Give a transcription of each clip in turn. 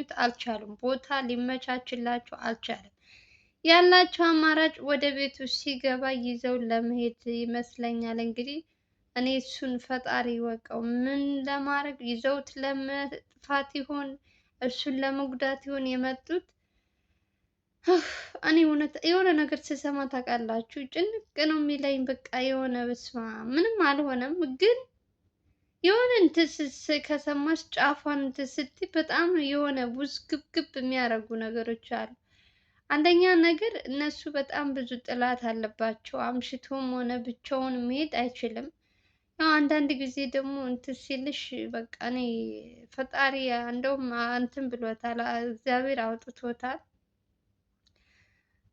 ሊያገኙት አልቻሉም። ቦታ ሊመቻችላቸው አልቻለም። ያላቸው አማራጭ ወደ ቤቱ ሲገባ ይዘው ለመሄድ ይመስለኛል። እንግዲህ እኔ እሱን ፈጣሪ ይወቀው። ምን ለማድረግ ይዘውት ለመጥፋት ይሆን? እሱን ለመጉዳት ይሆን የመጡት? እኔ እውነት የሆነ ነገር ስሰማ ታውቃላችሁ ጭንቅ ነው የሚለኝ። በቃ የሆነ ብስማ ምንም አልሆነም ግን የሆነ እንትስስ ከሰማች ጫፏን ስትይ በጣም የሆነ ውዝግብግብ የሚያደርጉ ነገሮች አሉ። አንደኛ ነገር እነሱ በጣም ብዙ ጥላት አለባቸው። አምሽቶም ሆነ ብቻውን መሄድ አይችልም። ያው አንዳንድ ጊዜ ደግሞ እንትን ሲልሽ በቃ እኔ ፈጣሪ እንደውም እንትን ብሎታል፣ እግዚአብሔር አውጥቶታል።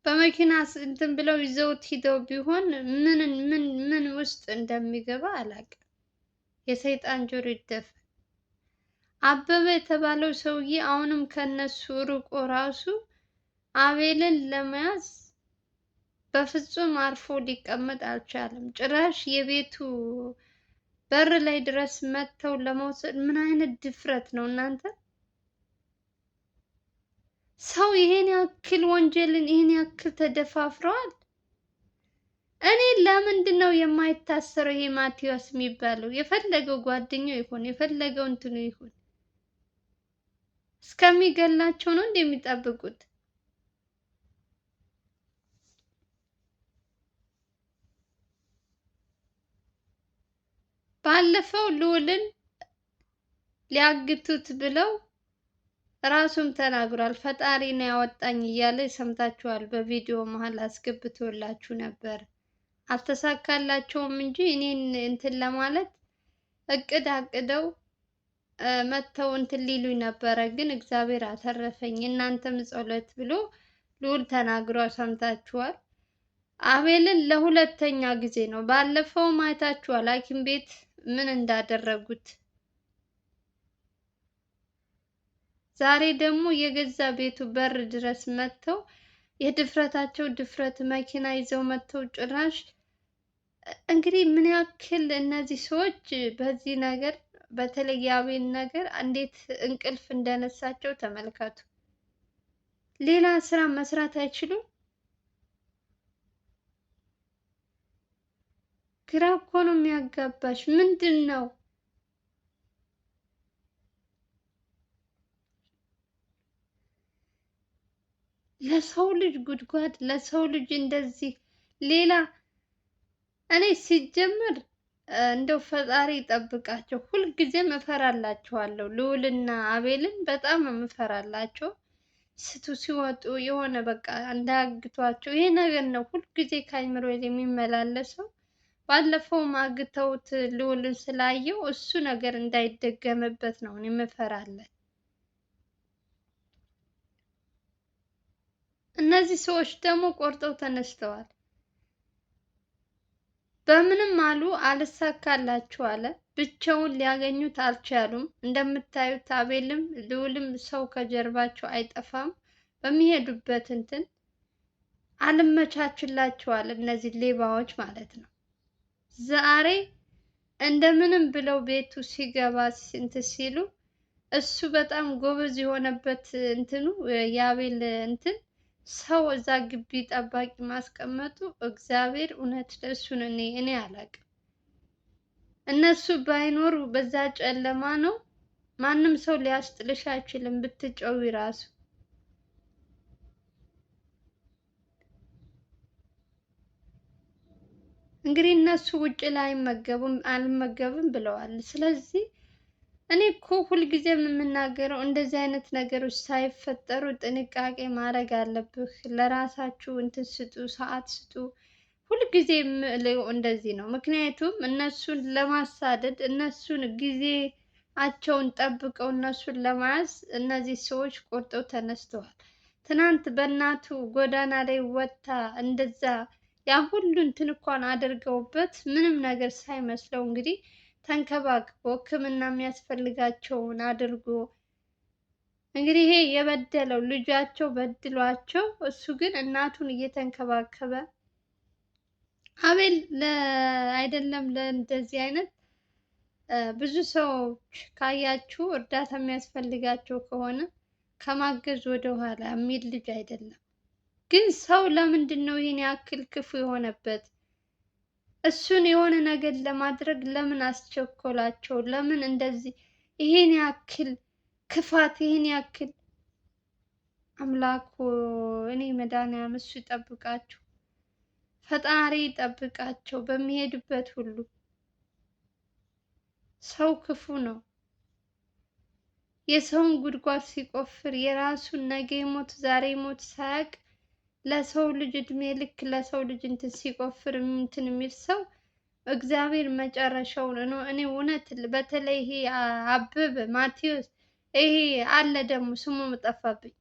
በመኪና እንትን ብለው ይዘውት ሂደው ቢሆን ምን ምን ምን ውስጥ እንደሚገባ አላውቅም። የሰይጣን ጆሮ ይደፈን። አበበ የተባለው ሰውዬ አሁንም ከነሱ ርቆ ራሱ አቤልን ለመያዝ በፍጹም አርፎ ሊቀመጥ አልቻለም። ጭራሽ የቤቱ በር ላይ ድረስ መጥተው ለመውሰድ ምን አይነት ድፍረት ነው እናንተ? ሰው ይሄን ያክል ወንጀልን ይሄን ያክል ተደፋፍረዋል። እኔ ለምንድን ነው የማይታሰረው? ይሄ ማቴዎስ የሚባለው የፈለገው ጓደኛው ይሁን የፈለገው እንትኑ ይሁን እስከሚገላቸው ነው የሚጠብቁት ባለፈው ልዑልን ሊያግቱት ብለው ራሱም ተናግሯል። ፈጣሪ ነው ያወጣኝ እያለ ሰምታችኋል። በቪዲዮ መሀል አስገብቶላችሁ ነበር። አልተሳካላቸውም እንጂ እኔን እንትን ለማለት እቅድ አቅደው መጥተው እንትን ሊሉኝ ነበረ፣ ግን እግዚአብሔር አተረፈኝ እናንተም ጸሎት ብሎ ልዑል ተናግሮ ሰምታችኋል። አቤልን ለሁለተኛ ጊዜ ነው። ባለፈው ማየታችኋል ሐኪም ቤት ምን እንዳደረጉት። ዛሬ ደግሞ የገዛ ቤቱ በር ድረስ መጥተው የድፍረታቸው ድፍረት መኪና ይዘው መጥተው ጭራሽ እንግዲህ ምን ያክል እነዚህ ሰዎች በዚህ ነገር በተለይ የአቤል ነገር እንዴት እንቅልፍ እንደነሳቸው ተመልከቱ። ሌላ ስራ መስራት አይችሉም። ግራ እኮ ነው የሚያጋባሽ። ምንድን ነው ለሰው ልጅ ጉድጓድ፣ ለሰው ልጅ እንደዚህ ሌላ እኔ ሲጀምር እንደው ፈጣሪ ይጠብቃቸው። ሁልጊዜም እፈራላቸዋለሁ። ልዑልና አቤልን በጣም የምፈራላቸው ስቱ ሲወጡ የሆነ በቃ እንዳያግቷቸው ይሄ ነገር ነው ሁልጊዜ ከአይምሮ የሚመላለሰው። ባለፈውም አግተውት ልዑልን ስላየው እሱ ነገር እንዳይደገምበት ነው እኔ እነዚህ ሰዎች ደግሞ ቆርጠው ተነስተዋል። በምንም አሉ አልሳካላችሁ አለ። ብቻውን ሊያገኙት አልቻሉም። እንደምታዩት አቤልም ልውልም ሰው ከጀርባቸው አይጠፋም። በሚሄዱበት እንትን አልመቻችላቸዋል እነዚህ ሌባዎች ማለት ነው። ዛሬ እንደምንም ብለው ቤቱ ሲገባ ስንት ሲሉ እሱ በጣም ጎበዝ የሆነበት እንትኑ የአቤል እንትን ሰው እዛ ግቢ ጠባቂ ማስቀመጡ እግዚአብሔር እውነት እሱን እኔ እኔ አላውቅም። እነሱ ባይኖሩ በዛ ጨለማ ነው ማንም ሰው ሊያስጥልሽ አይችልም። ብትጨዊ ራሱ እንግዲህ እነሱ ውጭ ላይ አይመገቡም አልመገብም ብለዋል። ስለዚህ እኔ እኮ ሁልጊዜ የምናገረው እንደዚህ አይነት ነገሮች ሳይፈጠሩ ጥንቃቄ ማድረግ አለብህ። ለራሳችሁ እንትን ስጡ፣ ሰዓት ስጡ። ሁልጊዜ የምለው እንደዚህ ነው። ምክንያቱም እነሱን ለማሳደድ እነሱን ጊዜያቸውን ጠብቀው እነሱን ለመያዝ እነዚህ ሰዎች ቆርጠው ተነስተዋል። ትናንት በእናቱ ጎዳና ላይ ወጥታ እንደዛ ያ ሁሉ እንትን እንኳን አድርገውበት ምንም ነገር ሳይመስለው እንግዲህ ተንከባክቦ ሕክምና የሚያስፈልጋቸውን አድርጎ እንግዲህ ይሄ የበደለው ልጃቸው በድሏቸው፣ እሱ ግን እናቱን እየተንከባከበ አቤል አይደለም ለእንደዚህ አይነት ብዙ ሰዎች ካያችሁ እርዳታ የሚያስፈልጋቸው ከሆነ ከማገዝ ወደኋላ የሚል ልጅ አይደለም። ግን ሰው ለምንድን ነው ይህን ያክል ክፉ የሆነበት? እሱን የሆነ ነገር ለማድረግ ለምን አስቸኮላቸው? ለምን እንደዚህ ይህን ያክል ክፋት ይህን ያክል አምላኩ እኔ መድኃኒዓለም እሱ ይጠብቃቸው፣ ፈጣሪ ይጠብቃቸው በሚሄድበት ሁሉ። ሰው ክፉ ነው። የሰውን ጉድጓድ ሲቆፍር የራሱን ነገ ሞት ዛሬ ሞት ሳያቅ? ለሰው ልጅ እድሜ ልክ ለሰው ልጅ እንትን ሲቆፍር እንትን የሚል ሰው እግዚአብሔር መጨረሻውን ነው። እኔ እውነት በተለይ ይሄ አበበ ማቴዎስ ይሄ አለ ደግሞ ስሙ ጠፋብኝ።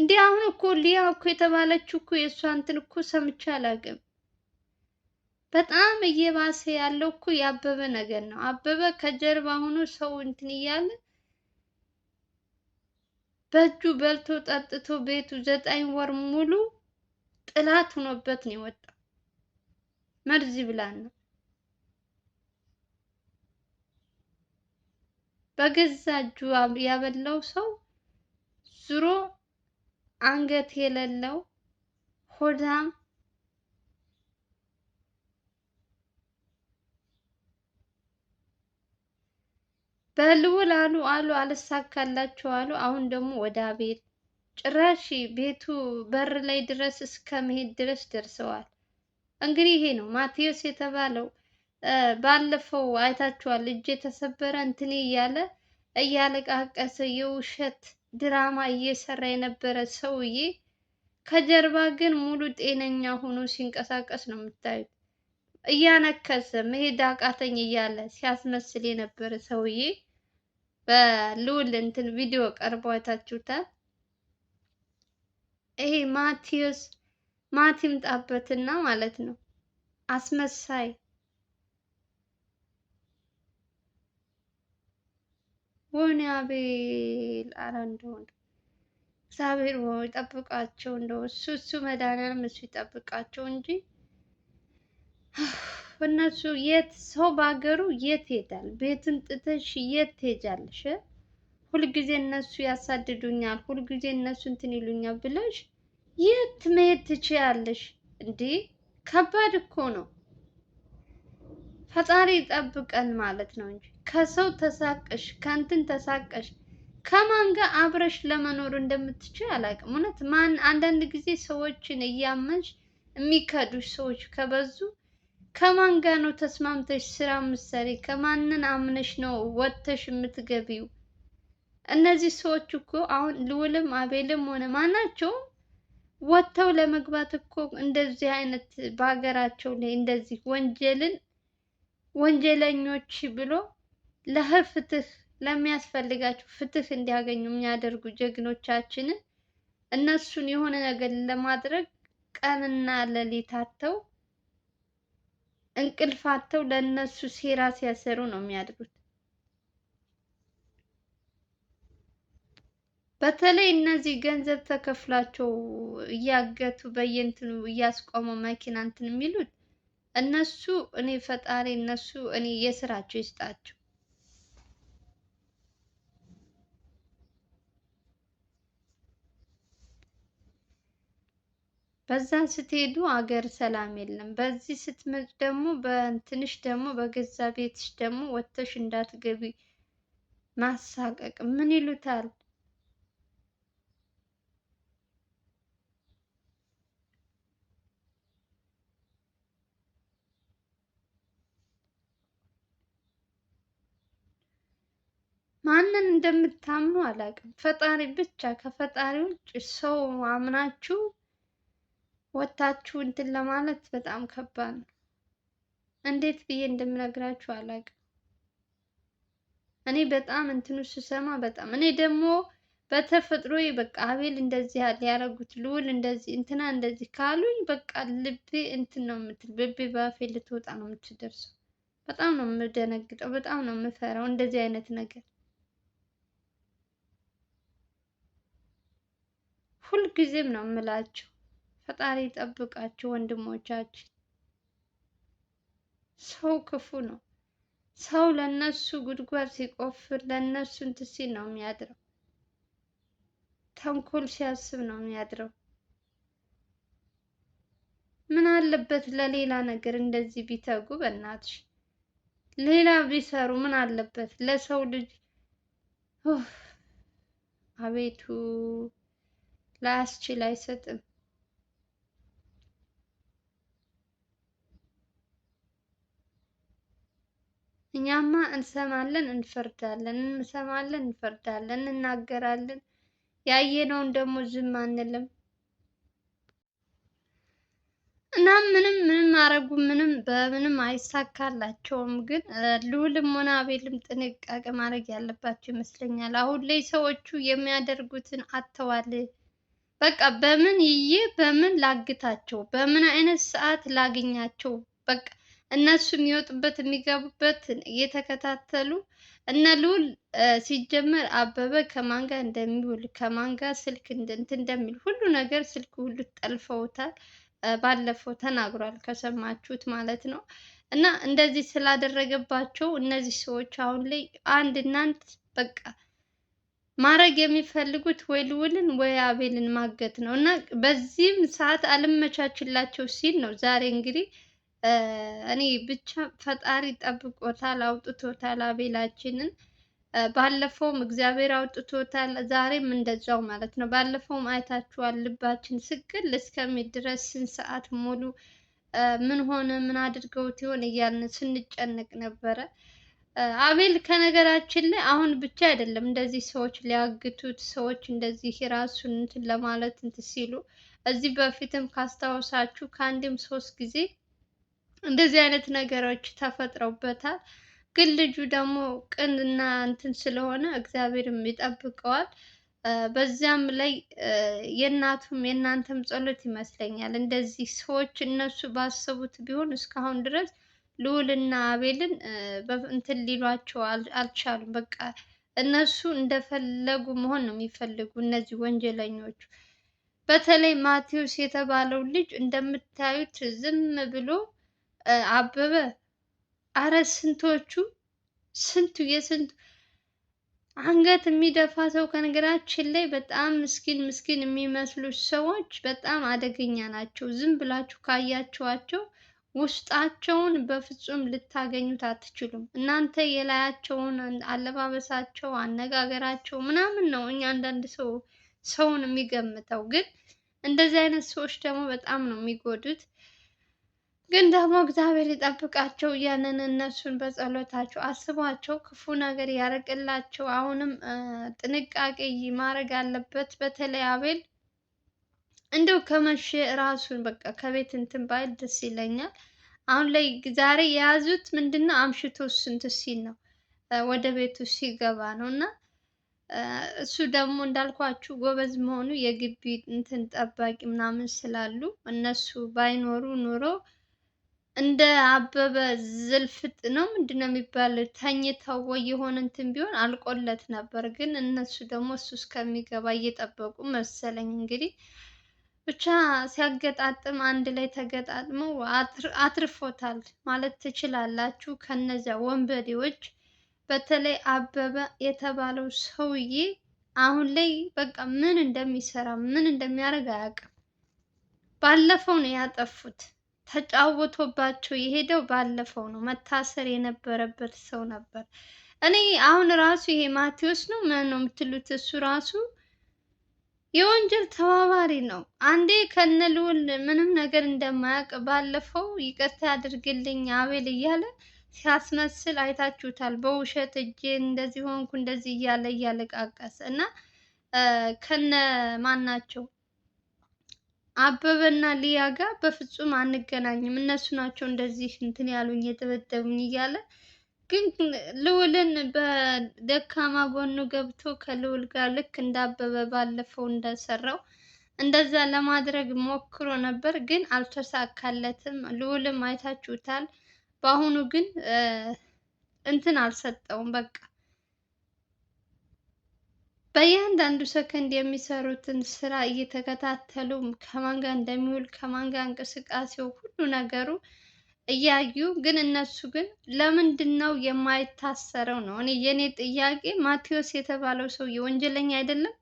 እንዲህ አሁን እኮ ሊያ እኮ የተባለችው እኮ የእሷ እንትን እኮ ሰምቼ አላውቅም። በጣም እየባሰ ያለው እኮ የአበበ ነገር ነው። አበበ ከጀርባ ሆኖ ሰው እንትን እያለ በእጁ በልቶ ጠጥቶ ቤቱ ዘጠኝ ወር ሙሉ ጥላት ሆኖበት ነው የወጣው። መርዚ ብላን ነው በገዛ እጁ ያበላው ሰው ዙሮ አንገት የሌለው ሆዳም በልውል አሉ አሉ አልሳካላቸው አሉ። አሁን ደግሞ ወደ አቤል ጭራሽ ቤቱ በር ላይ ድረስ እስከ መሄድ ድረስ ደርሰዋል። እንግዲህ ይሄ ነው ማቴዎስ የተባለው። ባለፈው አይታችኋል። እጅ የተሰበረ እንትኔ እያለ እያለቃቀሰ የውሸት ድራማ እየሰራ የነበረ ሰውዬ ከጀርባ ግን ሙሉ ጤነኛ ሆኖ ሲንቀሳቀስ ነው የምታዩት። እያነከሰ መሄድ አቃተኝ እያለ ሲያስመስል የነበረ ሰውዬ በልውል እንትን ቪዲዮ ቀርቦ አይታችሁታል። ይሄ ማቴዎስ ማቲም ጣበትና ማለት ነው አስመሳይ ወይኔ አቤል አረ እንደሆነ እግዚአብሔር ወይ ጠብቃቸው እንደው እሱ እሱ መድኃኒዓለም እሱ ይጠብቃቸው እንጂ እነሱ የት ሰው በሀገሩ የት ይሄዳል? ቤትን ጥተሽ የት ትሄጃለሽ? ሁልጊዜ እነሱ ያሳድዱኛል፣ ሁልጊዜ እነሱ እንትን ይሉኛል ብለሽ የት መሄድ ትችያለሽ? እንዴ ከባድ እኮ ነው። ፈጣሪ ይጠብቀን ማለት ነው እንጂ ከሰው ተሳቀሽ ከእንትን ተሳቀሽ ከማን ጋር አብረሽ ለመኖር እንደምትችል አላውቅም። እውነት ማን አንዳንድ ጊዜ ሰዎችን እያመንሽ የሚከዱሽ ሰዎች ከበዙ ከማን ጋር ነው ተስማምተሽ ስራ ምሰሪ? ከማንን አምነሽ ነው ወጥተሽ የምትገቢው? እነዚህ ሰዎች እኮ አሁን ልውልም አቤልም ሆነ ማናቸውም ወጥተው ለመግባት እኮ እንደዚህ አይነት በሀገራቸው ላይ እንደዚህ ወንጀልን ወንጀለኞች ብሎ ለህፍትህ ለሚያስፈልጋቸው ፍትህ እንዲያገኙ የሚያደርጉ ጀግኖቻችንን እነሱን የሆነ ነገር ለማድረግ ቀንና ሌሊት አጥተው እንቅልፋተው ለእነሱ ሴራ ሲያሰሩ ነው የሚያድሩት። በተለይ እነዚህ ገንዘብ ተከፍላቸው እያገቱ በየንትኑ እያስቆሙ መኪና እንትን የሚሉት እነሱ እኔ ፈጣሪ እነሱ እኔ የስራቸው ይስጣቸው። በዛ ስትሄዱ አገር ሰላም የለም። በዚህ ስትመጭ ደግሞ በትንሽ ደግሞ በገዛ ቤትሽ ደግሞ ወጥተሽ እንዳትገቢ ማሳቀቅ ምን ይሉታል? ማንን እንደምታምኑ አላውቅም። ፈጣሪ ብቻ ከፈጣሪ ውጭ ሰው አምናችሁ ወታችሁ እንትን ለማለት በጣም ከባድ ነው። እንዴት ብዬ እንደምነግራችሁ አላውቅም። እኔ በጣም እንትኑ ስሰማ በጣም እኔ ደግሞ በተፈጥሮ በቃ አቤል እንደዚህ ሊያደርጉት ልዑል እንደዚህ እንትና እንደዚህ ካሉኝ በቃ ልቤ እንትን ነው የምትል ልቤ በአፌ ልትወጣ ነው የምትደርሰው። በጣም ነው የምደነግጠው፣ በጣም ነው የምፈራው እንደዚህ አይነት ነገር ሁልጊዜም ነው የምላቸው። ፈጣሪ ይጠብቃችሁ ወንድሞቻችን። ሰው ክፉ ነው። ሰው ለነሱ ጉድጓድ ሲቆፍር ለነሱ እንትን ሲል ነው የሚያድረው። ተንኮል ሲያስብ ነው የሚያድረው። ምን አለበት ለሌላ ነገር እንደዚህ ቢተጉ በእናትሽ፣ ሌላ ቢሰሩ ምን አለበት ለሰው ልጅ። አቤቱ ላያስችል አይሰጥም። እኛማ እንሰማለን እንፈርዳለን፣ እንሰማለን እንፈርዳለን፣ እንናገራለን። ያየነውን ደግሞ ዝም አንልም። እና ምንም ምንም አረጉ ምንም በምንም አይሳካላቸውም። ግን ልውልም ሆነ አቤልም ጥንቃቄ ማድረግ ያለባቸው ይመስለኛል። አሁን ላይ ሰዎቹ የሚያደርጉትን አተዋል። በቃ በምን ይዬ በምን ላግታቸው፣ በምን አይነት ሰዓት ላግኛቸው፣ በቃ እነሱ የሚወጡበት የሚገቡበት እየተከታተሉ እነ ልዑል ሲጀመር አበበ ከማን ጋር እንደሚውል ከማን ጋር ስልክ እንትን እንደሚል ሁሉ ነገር ስልክ ሁሉ ጠልፈውታል። ባለፈው ተናግሯል ከሰማችሁት ማለት ነው። እና እንደዚህ ስላደረገባቸው እነዚህ ሰዎች አሁን ላይ አንድ እናንት በቃ ማድረግ የሚፈልጉት ወይ ልውልን ወይ አቤልን ማገት ነው። እና በዚህም ሰዓት አልመቻችላቸው ሲል ነው ዛሬ እንግዲህ እኔ ብቻ ፈጣሪ ጠብቆታል፣ አውጥቶታል አቤላችንን። ባለፈውም እግዚአብሔር አውጥቶታል፣ ዛሬም እንደዛው ማለት ነው። ባለፈውም አይታችኋል፣ ልባችን ስቅል እስከሚል ድረስ ስንት ሰዓት ሙሉ ምን ሆነ ምን አድርገውት ይሆን እያልን ስንጨነቅ ነበረ። አቤል ከነገራችን ላይ አሁን ብቻ አይደለም እንደዚህ ሰዎች ሊያግቱት ሰዎች እንደዚህ ራሱን እንትን ለማለት እንትን ሲሉ እዚህ በፊትም ካስታወሳችሁ ከአንድም ሶስት ጊዜ እንደዚህ አይነት ነገሮች ተፈጥረውበታል። ግን ልጁ ደግሞ ቅን እና እንትን ስለሆነ እግዚአብሔርም ይጠብቀዋል። በዚያም ላይ የእናቱም የእናንተም ጸሎት ይመስለኛል። እንደዚህ ሰዎች እነሱ ባሰቡት ቢሆን እስካሁን ድረስ ልዑልና አቤልን እንትን ሊሏቸው አልቻሉም። በቃ እነሱ እንደፈለጉ መሆን ነው የሚፈልጉ እነዚህ ወንጀለኞቹ። በተለይ ማቴዎስ የተባለው ልጅ እንደምታዩት ዝም ብሎ አበበ፣ አረ ስንቶቹ ስንቱ የስንቱ አንገት የሚደፋ ሰው። ከነገራችን ላይ በጣም ምስኪን ምስኪን የሚመስሉ ሰዎች በጣም አደገኛ ናቸው። ዝም ብላችሁ ካያችኋቸው ውስጣቸውን በፍጹም ልታገኙት አትችሉም። እናንተ የላያቸውን አለባበሳቸው፣ አነጋገራቸው ምናምን ነው እኛ አንዳንድ ሰው ሰውን የሚገምተው። ግን እንደዚህ አይነት ሰዎች ደግሞ በጣም ነው የሚጎዱት። ግን ደግሞ እግዚአብሔር ይጠብቃቸው ያንን እነሱን በጸሎታቸው አስቧቸው፣ ክፉ ነገር ያረቅላቸው። አሁንም ጥንቃቄ ማድረግ አለበት። በተለይ አቤል እንደው ከመቼ ራሱን በቃ ከቤት እንትን ባይል ደስ ይለኛል። አሁን ላይ ዛሬ የያዙት ምንድነው አምሽቶ ስንት ሲል ነው ወደ ቤቱ ሲገባ ነው እና እሱ ደግሞ እንዳልኳችሁ ጎበዝ መሆኑ የግቢ እንትን ጠባቂ ምናምን ስላሉ እነሱ ባይኖሩ ኑሮ እንደ አበበ ዝልፍጥ ነው ምንድን ነው የሚባል ተኝተው ወይ የሆነ እንትን ቢሆን አልቆለት ነበር። ግን እነሱ ደግሞ እሱ እስከሚገባ እየጠበቁ መሰለኝ እንግዲህ ብቻ ሲያገጣጥም አንድ ላይ ተገጣጥመው አትርፎታል ማለት ትችላላችሁ። ከነዚያ ወንበዴዎች በተለይ አበበ የተባለው ሰውዬ አሁን ላይ በቃ ምን እንደሚሰራ ምን እንደሚያደርግ አያውቅም። ባለፈው ነው ያጠፉት። ተጫውቶባቸው የሄደው ባለፈው ነው። መታሰር የነበረበት ሰው ነበር። እኔ አሁን ራሱ ይሄ ማቴዎስ ነው ምን ነው የምትሉት? እሱ ራሱ የወንጀል ተባባሪ ነው። አንዴ ከነ ምንም ነገር እንደማያውቅ ባለፈው ይቅርታ ያድርግልኝ አቤል እያለ ሲያስመስል አይታችሁታል። በውሸት እጄ እንደዚህ ሆንኩ እንደዚህ እያለ እያለቃቀስ እና ከነ ማን ናቸው አበበና ሊያ ጋር በፍጹም አንገናኝም፣ እነሱ ናቸው እንደዚህ እንትን ያሉኝ የደበደቡኝ እያለ ግን ልውልን በደካማ ጎኑ ገብቶ ከልውል ጋር ልክ እንዳበበ ባለፈው እንደሰራው እንደዛ ለማድረግ ሞክሮ ነበር፣ ግን አልተሳካለትም። ልውልም አይታችሁታል። በአሁኑ ግን እንትን አልሰጠውም በቃ በእያንዳንዱ ሰከንድ የሚሰሩትን ስራ እየተከታተሉ ከማን ጋር እንደሚውል ከማን ጋር እንቅስቃሴው ሁሉ ነገሩ እያዩ ግን እነሱ ግን ለምንድን ነው የማይታሰረው ነው እኔ የእኔ ጥያቄ። ማቴዎስ የተባለው ሰውዬ ወንጀለኛ አይደለም?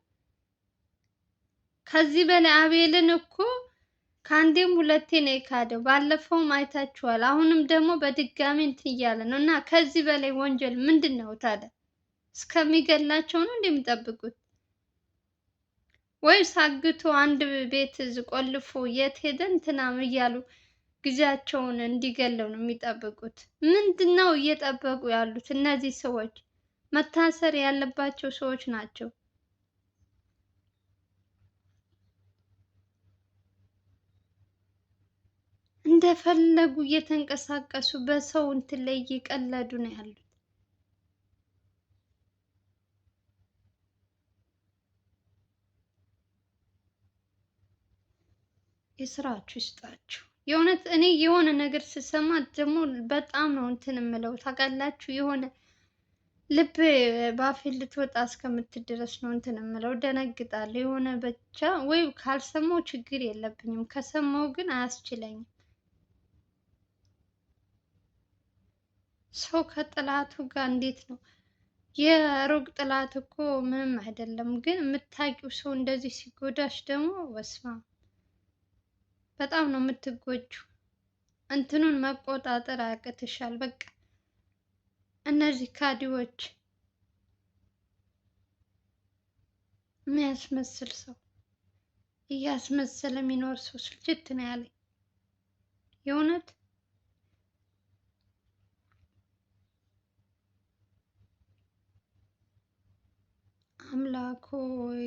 ከዚህ በላይ አቤልን እኮ ከአንዴም ሁለቴ ነው የካደው። ባለፈውም አይታችኋል። አሁንም ደግሞ በድጋሚ እንትን እያለ ነው እና ከዚህ በላይ ወንጀል ምንድን ነው ታዲያ? እስከሚገላቸው ነው እንደሚጠብቁት ወይስ አግቶ አንድ ቤት ቆልፎ የት ሄደ እንትናም እያሉ ጊዜያቸውን እንዲገለው ነው የሚጠብቁት። ምንድነው እየጠበቁ ያሉት? እነዚህ ሰዎች መታሰር ያለባቸው ሰዎች ናቸው። እንደፈለጉ እየተንቀሳቀሱ በሰው እንትን ላይ እየቀለዱ ነው ያሉት። የስራችሁ ይስጣችሁ። የእውነት እኔ የሆነ ነገር ስሰማ ደግሞ በጣም ነው እንትን የምለው ታውቃላችሁ። የሆነ ልብ ባፌ ልትወጣ እስከምትደረስ ነው እንትን የምለው ደነግጣለሁ። የሆነ ብቻ ወይ ካልሰማው ችግር የለብኝም፣ ከሰማው ግን አያስችለኝም። ሰው ከጥላቱ ጋር እንዴት ነው? የሩቅ ጥላት እኮ ምንም አይደለም፣ ግን የምታውቂው ሰው እንደዚህ ሲጎዳሽ ደግሞ ወስማ በጣም ነው የምትጎጁ። እንትኑን መቆጣጠር አቅትሻል። በቃ እነዚህ ካዲዎች የሚያስመስል ሰው እያስመሰለ የሚኖር ሰው ስልችት ነው ያለኝ የእውነት አምላክ ሆይ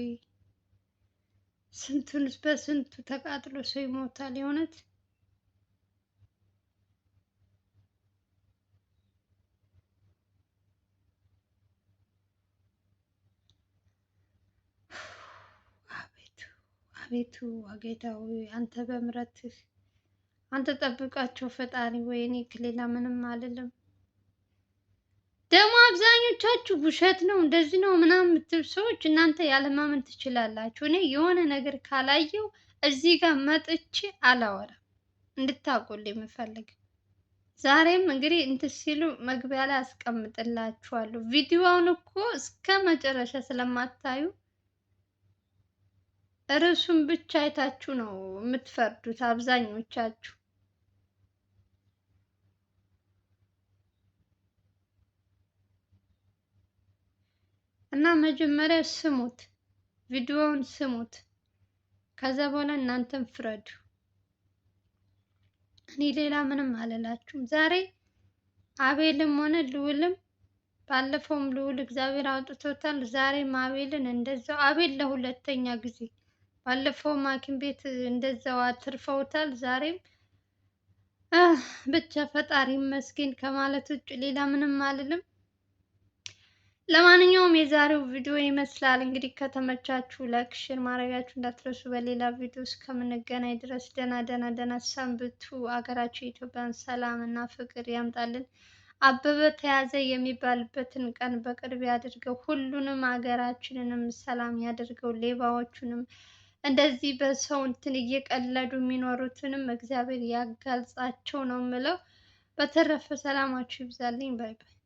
ስንቱን በስንቱ ተቃጥሎ ሰው ይሞታል። የእውነት አቤቱ አቤቱ አጌታ ሆይ አንተ በምረት አንተ ጠብቃቸው ፈጣሪ። ወይኔ ከሌላ ምንም አልልም። ደግሞ አብዛኞቻችሁ ውሸት ነው እንደዚህ ነው ምናምን የምትሉ ሰዎች እናንተ ያለማመን ትችላላችሁ። እኔ የሆነ ነገር ካላየው እዚህ ጋር መጥቼ አላወራም እንድታቆል የምፈልግ። ዛሬም እንግዲህ እንትን ሲሉ መግቢያ ላይ አስቀምጥላችኋለሁ። ቪዲዮውን እኮ እስከ መጨረሻ ስለማታዩ ርዕሱን ብቻ አይታችሁ ነው የምትፈርዱት አብዛኞቻችሁ። እና መጀመሪያ ስሙት፣ ቪዲዮውን ስሙት። ከዛ በኋላ እናንተም ፍረዱ። እኔ ሌላ ምንም አልላችሁም። ዛሬ አቤልም ሆነ ልውልም ባለፈውም ልውል እግዚአብሔር አውጥቶታል። ዛሬም አቤልን እንደዛው አቤል ለሁለተኛ ጊዜ ባለፈውም ሐኪም ቤት እንደዛው አትርፈውታል። ዛሬም ብቻ ፈጣሪ ይመስገን ከማለት ውጭ ሌላ ምንም አልልም። ለማንኛውም የዛሬው ቪዲዮ ይመስላል። እንግዲህ ከተመቻችሁ ላይክ፣ ሼር ማድረጋችሁ እንዳትረሱ። በሌላ ቪዲዮ እስከምንገናኝ ድረስ ደና ደና ደና ሰንብቱ። አገራችን የኢትዮጵያን ሰላም እና ፍቅር ያምጣልን። አበበ ተያዘ የሚባልበትን ቀን በቅርብ ያድርገው። ሁሉንም አገራችንንም ሰላም ያድርገው። ሌባዎቹንም እንደዚህ በሰው እንትን እየቀለዱ የሚኖሩትንም እግዚአብሔር ያጋልጻቸው ነው ምለው። በተረፈ ሰላማችሁ ይብዛልኝ። ባይ ባይ።